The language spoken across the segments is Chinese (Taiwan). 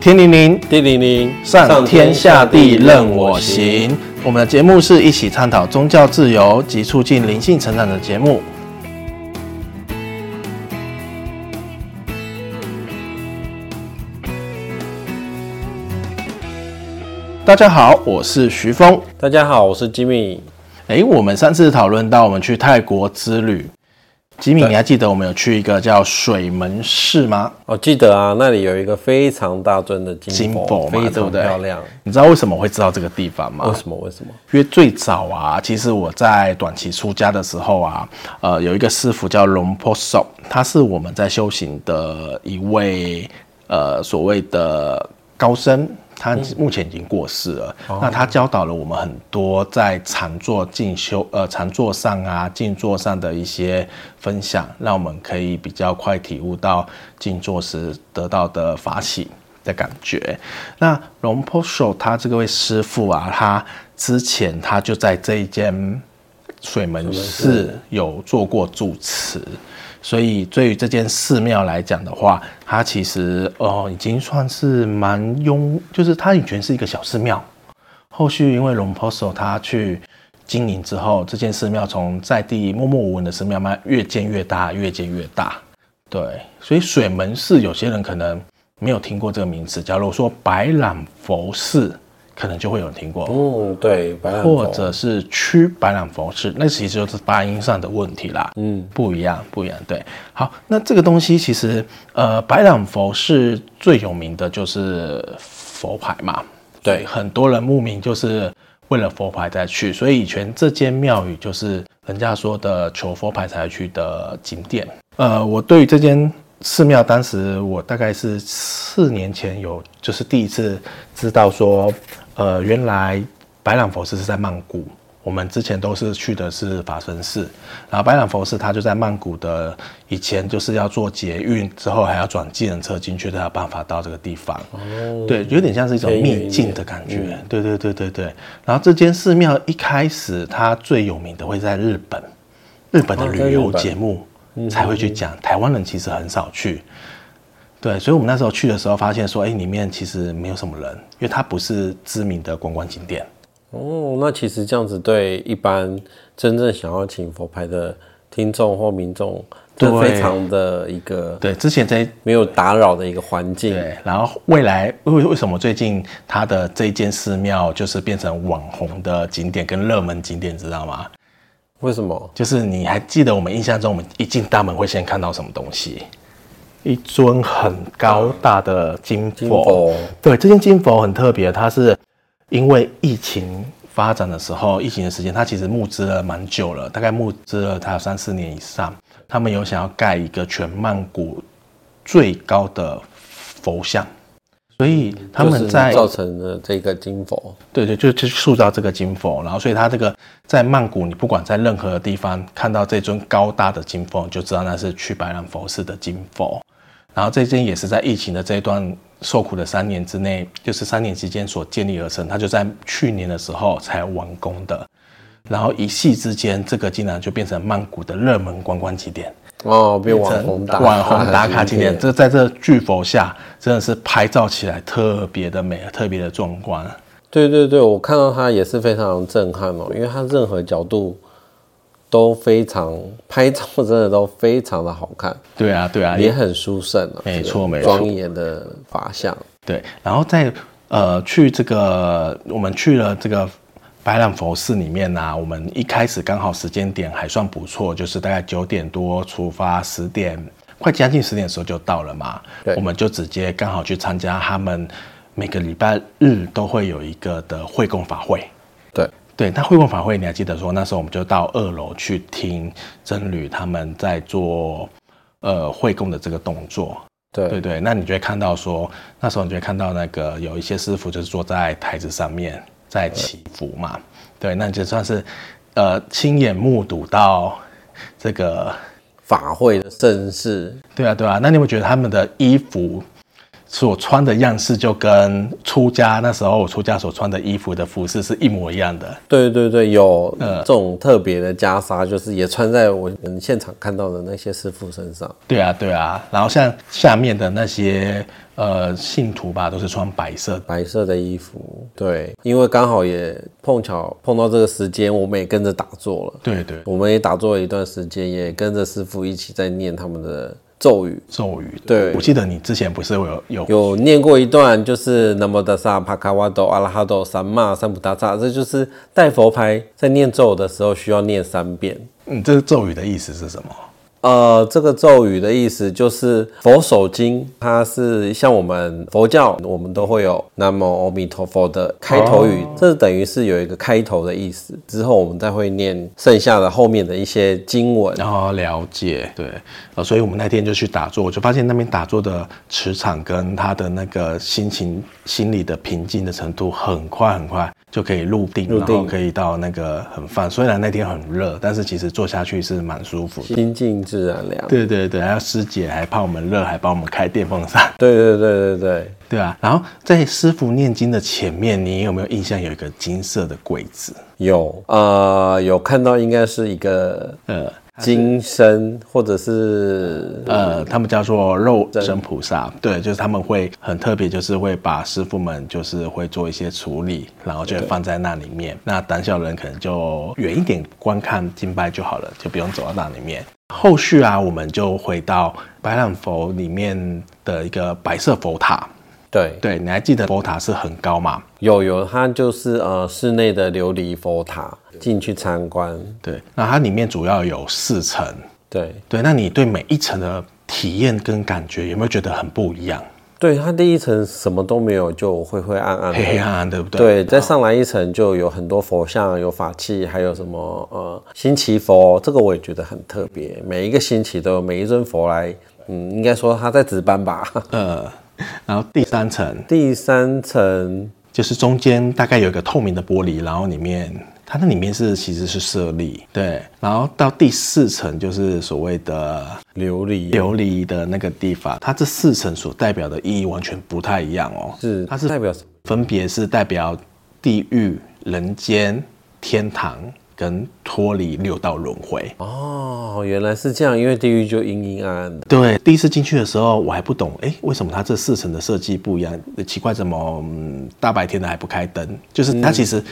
天靈靈，地靈靈，上天下地任我行。我們的節目是一起探討宗教自由及促進靈性成長的節目。大家好，我是徐峰。大家好，我是 Jimmy。誒，我們上次討論到我們去泰國之旅。吉米，你還記得我們有去一個叫水門寺嗎？我、哦、記得啊，那裡有一個非常大尊的金佛，金佛非常漂亮，對對。你知道為什麼會知道這個地方嗎？為什麼？為什麼？因為最早啊，其實我在短期出家的時候啊，呃，有一個師傅叫龍婆索，他是我們在修行的一位呃、所謂的高僧。他目前已經過世了、嗯，那他教導了我們很多在禪坐靜修、呃禪坐上啊、靜坐上的一些分享，讓我們可以比較快體悟到靜坐時得到的法喜的感覺。那龍坡首他這位師父啊，他之前他就在這一間水門寺有做過住持。所以，對於這間寺廟來講的話，它其實哦，已經算是蠻擁，就是它以前是一個小寺廟，後續因為龍婆手他去經營之後，這間寺廟從在地默默無聞的寺廟，慢慢越建越大，越建越大。對，所以水門寺有些人可能沒有聽過這個名詞，假如說白欖佛寺。可能就會有人聽過，嗯，對，白欖佛，或者是去白欖佛寺，那其實就是發音上的問題啦，嗯，不一樣，不一樣，對。好，那這個東西其實，呃，白欖佛寺最有名的就是佛牌嘛，嗯，對，很多人慕名就是為了佛牌再去，所以以前這間廟宇就是人家說的求佛牌才去的景點。呃，我對於這間。寺廟當時，我大概是四年前有，就是第一次知道說，呃，原來白欖佛寺是在曼谷。我們之前都是去的是法身寺，然後白欖佛寺它就在曼谷的。以前就是要坐捷運，之後還要轉計程車進去，才有辦法到這個地方。哦、嗯。對，有點像是一種秘境的感覺。對對對對對，對，對，對。然後這間寺廟一開始它最有名的會在日本，日本的旅遊節目。哦才會去講，台灣人其實很少去，對，所以我們那時候去的時候發現說，哎，欸，裡面其實沒有什麼人，因為它不是知名的觀光景點。哦，那其實這樣子對一般真正想要請佛牌的聽眾或民眾，都非常的一個，的一個對，對，之前在沒有打擾的一個環境。對，然後未來為為什麼最近他的這一間寺廟就是變成網紅的景點跟熱門景點，你知道嗎？為什麼？就是你還記得我們印象中，我們一進大門會先看到什麼東西？一尊很高大的金佛，金佛哦。對，這件金佛很特別，它是因為疫情發展的時候，疫情的時間，它其實募資了蠻久了，大概募資了它有三四年以上。他們有想要蓋一個全曼谷最高的佛像。所以他們在、就是、造成的這個金佛，對對，就就是、塑造這個金佛，然後所以它這個在曼谷，你不管在任何地方看到這尊高大的金佛，你就知道那是去白欖佛寺的金佛。然後這尊也是在疫情的這一段受苦的三年之內，就是三年期間所建立而成，它就在去年的時候才完工的。然後一夕之間，這個竟然就變成曼谷的熱門觀光景點哦，被網紅打，變成網紅打卡景點。這在這巨佛下，真的是拍照起來特別的美，特別的壯觀。對對對，我看到它也是非常震撼哦，因為它任何角度都非常拍照，真的都非常的好看。對啊對啊，也很殊勝啊、哦這個，沒錯沒錯，莊嚴的法相。對，然後在呃去這個，我們去了這個。白欖佛寺裡面呢、啊，我們一開始剛好時間點還算不錯，就是大概九點多出發，十點快將近十點的時候就到了嘛。對，我們就直接剛好去參加他們每個禮拜日都會有一個的會供法會。對對，那會供法會，你還記得說那時候我們就到二樓去聽僧侶他們在做呃會供的這個動作對。對對對，那你就會看到說那時候你就會看到那個有一些師傅就是坐在檯子上面。在祈福嘛、嗯，對，那就算是，呃，親眼目睹到這個法會的盛事，對啊，對啊。那你有沒覺得他們的衣服所穿的樣式就跟出家那時候我出家所穿的衣服的服飾是一模一樣的？對對對，有這種特別的袈裟，呃、就是也穿在我們現場看到的那些師父身上。對啊，對啊。然後像下面的那些呃信徒吧，都是穿白色白色的衣服。對，因為剛好也碰巧碰到這個時間，我們也跟着打坐了。對對，我們也打坐了一段時間，也跟着師父一起在念他們的咒語。咒語，對，對，我記得你之前不是有有有念過一段，就是那麼的薩帕卡瓦多、阿拉哈多、三罵三普達薩。這就是帶佛牌在念咒的時候需要念三遍。嗯，嗯嗯，就是，你這個咒語的意思是什麼？呃，這個咒語的意思就是佛手經，它是像我們佛教，我們都會有南無阿彌陀佛的開頭語，哦，這等於是有一個開頭的意思，之後我們再會念剩下的後面的一些經文。然後、哦、了解，對、呃。所以我們那天就去打坐，我就發現那邊打坐的磁場跟他的那個心情、心理的平靜的程度，很快很快。就可以入定，入定，然後可以到那個很放。雖然那天很熱，但是其實坐下去是蠻舒服的，心靜自然涼。對對對，還有師姐還怕我們熱，還幫我們開電風扇。對，對對對對對，對啊。然後在師傅念經的前面，你有沒有印象有一個金色的櫃子？有啊、呃，有看到，應該是一個呃。嗯金身，或者是呃，他們叫做肉身菩薩，對，對就是他們會很特別，就是會把師傅們就是會做一些處理，然後就會放在那裡面。Okay. 那膽小的人可能就遠一點觀看敬拜就好了，就不用走到那裡面。後續啊，我們就回到白欖佛裡面的一個白色佛塔。對對，你還記得佛塔是很高嗎？有有，它就是呃室內的琉璃佛塔，進去參觀。對，那它裡面主要有四層。對對，那你對每一層的體驗跟感覺有沒有覺得很不一樣？對，它第一層什麼都沒有，就灰灰暗暗，黑黑暗暗，對不對？對，再上來一層就有很多佛像，有法器，還有什麼呃星期佛，這個我也覺得很特別。每一個星期都有每一尊佛來，嗯，應該說他在值班吧？呃然後第三層，第三層就是中間大概有一個透明的玻璃，然後裡面它那裡面是其實是舍利對。然後到第四層就是所謂的琉璃，琉璃的那個地方，它這四層所代表的意義完全不太一樣哦。是，它是代表分別是代表地獄、人間、天堂。跟脫離六道輪迴哦，原來是這樣，因為地獄就陰陰暗暗的。對，第一次進去的時候，我還不懂，哎、欸，為什麼它這四層的設計不一樣？奇怪，怎麼、嗯、大白天的還不開燈？就是它其實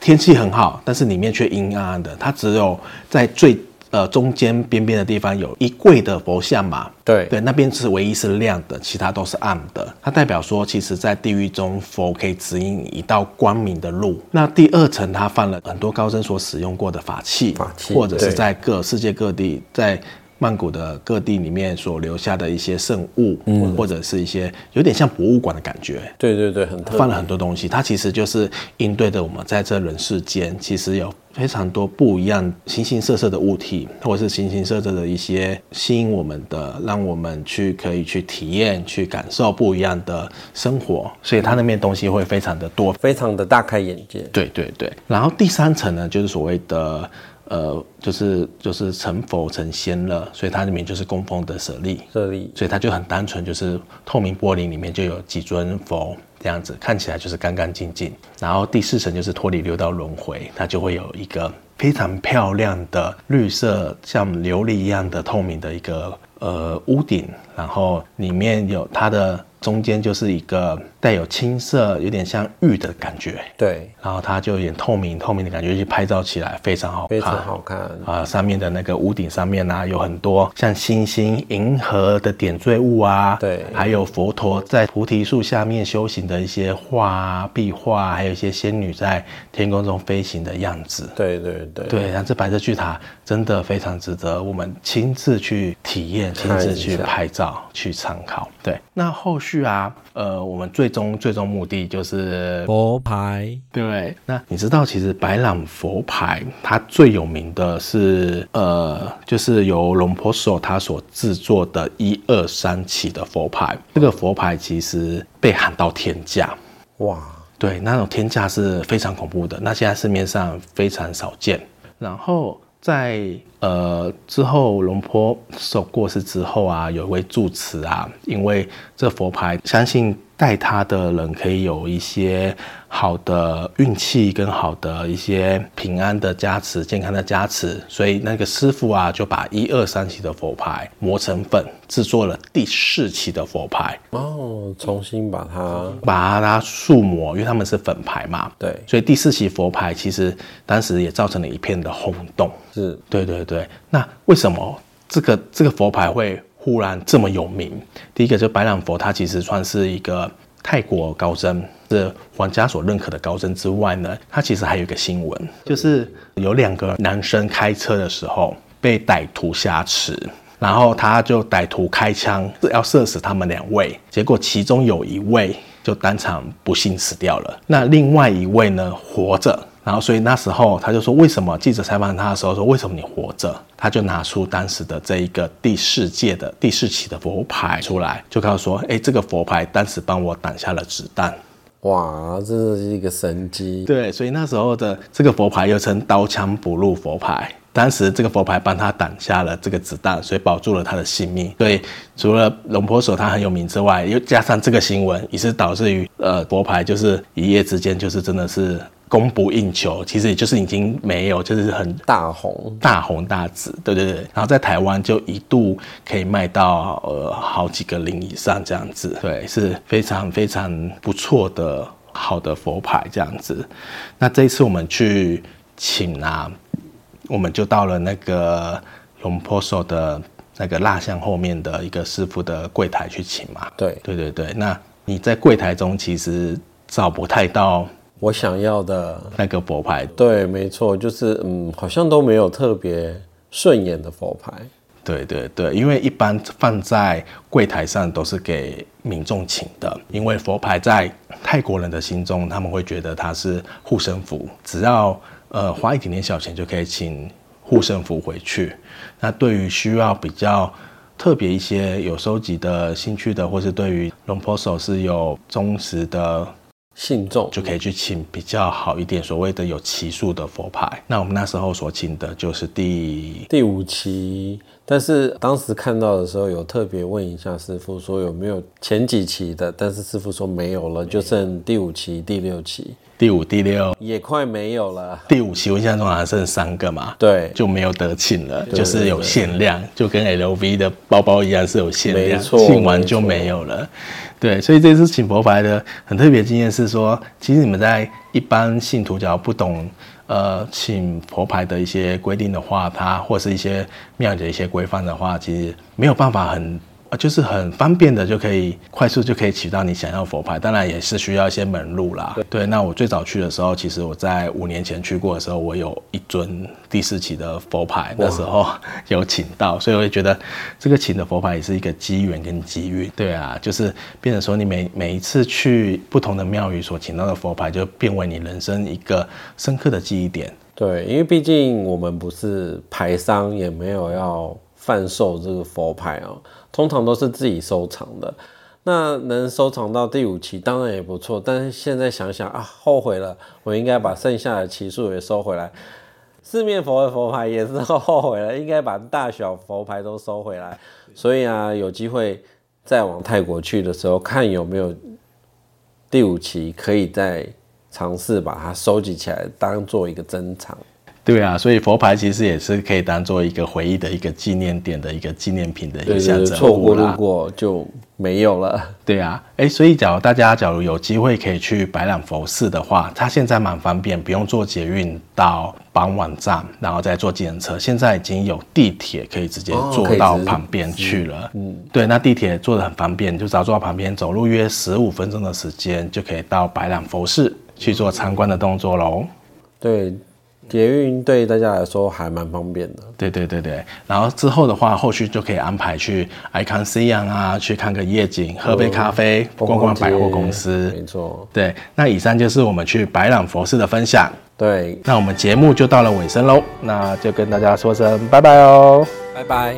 天氣很好，但是裡面卻陰暗暗的，它只有在最。呃，中間邊邊的地方有一櫃的佛像嘛？對對，那邊是唯一是亮的，其他都是暗的。它代表說，其實，在地獄中佛可以指引一道光明的路。那第二層，它放了很多高僧所使用過的法器，法器或者是在各世界各地在。曼谷的各地裡面所留下的一些聖物，嗯，或者是一些有點像博物館的感覺，對對對，很，放了很多東西。它其實就是應對着我們在這人世間，其實有非常多不一樣、形形色色的物體，或者是形形色色的一些吸引我們的，讓我們去可以去體驗、去感受不一樣的生活。所以它那邊東西會非常的多，非常的大開眼界。對對對，然後第三層呢，就是所謂的。呃，就是就是成佛成仙了，所以它裡面就是供奉的舍利，舍利，所以它就很單純，就是透明玻璃裡面就有幾尊佛這樣子，看起來就是干干淨淨。然後第四層就是脫離六道輪回，它就會有一個非常漂亮的綠色，像琉璃一樣的透明的一個呃屋頂，然後裡面有它的。中間就是一個帶有青色，有點像玉的感覺。對，然後它就有點透明，透明的感覺去拍照起來非常好看。非常好看啊、呃！上面的那個屋頂上面呢、啊，有很多像星星、銀河的點綴物啊。對，還有佛陀在菩提樹下面修行的一些畫、啊、壁畫，還有一些仙女在天空中飛行的樣子。對對對。對，然後這白色巨塔真的非常值得我們親自去體驗、親自去拍照、去參考。對，那後續。對啊，呃，我們最終最終目的就是佛牌。對，那你知道，其實白欖佛牌它最有名的是，呃，就是由龍婆所他所製作的一二三期的佛牌。這個佛牌其實被喊到天價，哇，對，那種天價是非常恐怖的。那現在市面上非常少見。然後在呃，之後龍婆受過世之後啊，有一位住持啊，因為這佛牌相信戴他的人可以有一些好的運氣跟好的一些平安的加持、健康的加持，所以那個師父啊就把一二三期的佛牌磨成粉，製作了第四期的佛牌，哦，重新把它把它塑模，因為他們是粉牌嘛，對，所以第四期佛牌其實當時也造成了一片的轟動，是，對對，對。對，那為什麼這個這個佛牌會忽然這麼有名？第一個就白欖佛，他其實算是一個泰國高僧，是皇家所認可的高僧之外呢，他其實還有一個新聞，就是有兩個男生開車的時候被歹徒挾持，然後他就歹徒開槍要射死他們兩位，結果其中有一位就當場不幸死掉了，那另外一位呢活着。然後，所以那時候他就說，為什麼記者採訪他的時候說，為什麼你活着？他就拿出當時的這一個第四屆的第四期的佛牌出來，就告訴說，哎，這個佛牌當時幫我擋下了子彈。哇，這是一個神蹟。對，所以那時候的這個佛牌又稱刀槍不入佛牌。當時這個佛牌幫他擋下了這個子彈，所以保住了他的性命。對，除了龍婆手他很有名之外，又加上這個新聞，也是導致於呃佛牌就是一夜之間就是真的是供不應求。其實也就是已經沒有，就是很大紅大紅大紫，對對對。然後在台灣就一度可以賣到呃好幾個零以上這樣子，對，是非常非常不錯的好的佛牌這樣子。那這一次我們去請啊。我們就到了那個龍婆術的那個蠟像後面的一個師傅的櫃檯去請嘛，對。對對對對，那你在櫃檯中其實找不太到我想要的那個佛牌。對，沒錯，就是嗯，好像都沒有特別順眼的佛牌。對對對，因為一般放在櫃檯上都是給民眾請的，因為佛牌在泰國人的心中，他們會覺得它是護身符，只要。呃，花一點點小錢就可以請護身符回去。那對於需要比較特別一些有收集的興趣的，或是對於龍婆手是有忠實的信眾，就可以去請比較好一點，所謂的有期數的佛牌。那我們那時候所請的就是第第五期。但是當時看到的時候，有特別問一下師傅，說有沒有前幾期的？但是師傅說沒有了沒有，就剩第五期、第六期，第五、第六也快沒有了。第五期，我印象中好像還剩三個嘛，對，就沒有得請了，對對對，就是有限量，就跟 LV 的包包一樣是有限量，請完就沒有了沒。對，所以這次請佛牌的很特別經驗是說，其實你們在一般信徒角不懂。呃，請佛牌的一些規定的話，它，或是一些廟的一些規範的話，其實沒有辦法很。啊，就是很方便的，就可以快速就可以請到你想要佛牌，當然也是需要一些門路啦。對，那我最早去的時候，其實我在五年前去過的時候，我有一尊第四期的佛牌，那時候有請到，所以我會覺得這個請的佛牌也是一個機緣跟機遇。對啊，就是變成說，你每每一次去不同的廟宇所請到的佛牌，就變為你人生一個深刻的記憶點。對，因為畢竟我們不是牌商，也沒有要販售這個佛牌哦。通常都是自己收藏的，那能收藏到第五期當然也不錯。但是現在想想啊，後悔了，我應該把剩下的期數也收回來。四面佛的佛牌也是後悔了，應該把大小佛牌都收回來。所以啊，有機會再往泰國去的時候，看有沒有第五期，可以再嘗試把它收集起來，當做一個珍藏。對啊，所以佛牌其實也是可以當做一個回憶的一個紀念點的一個紀念品的一項產物了。錯過就沒有了。對啊，哎，所以假如大家假如有機會可以去白欖佛寺的話，它現在蠻方便，不用坐捷運到板尾站，然後再坐計程車。現在已經有地鐵可以直接坐到旁邊去了。哦、嗯，對，那地鐵坐得很方便，就只要坐到旁邊，走路約十五分鐘的時間就可以到白欖佛寺去做參觀的動作嘍、嗯。對。捷運對大家來說還蠻方便的，對對對對，然後之後的話，後續就可以安排去 ICONSIAM 啊，去看個夜景，喝杯咖啡，逛逛百貨公司，沒錯，對。那以上就是我們去白欖佛寺的分享，對。那我們節目就到了尾聲嘍，那就跟大家說聲拜拜哦，拜拜。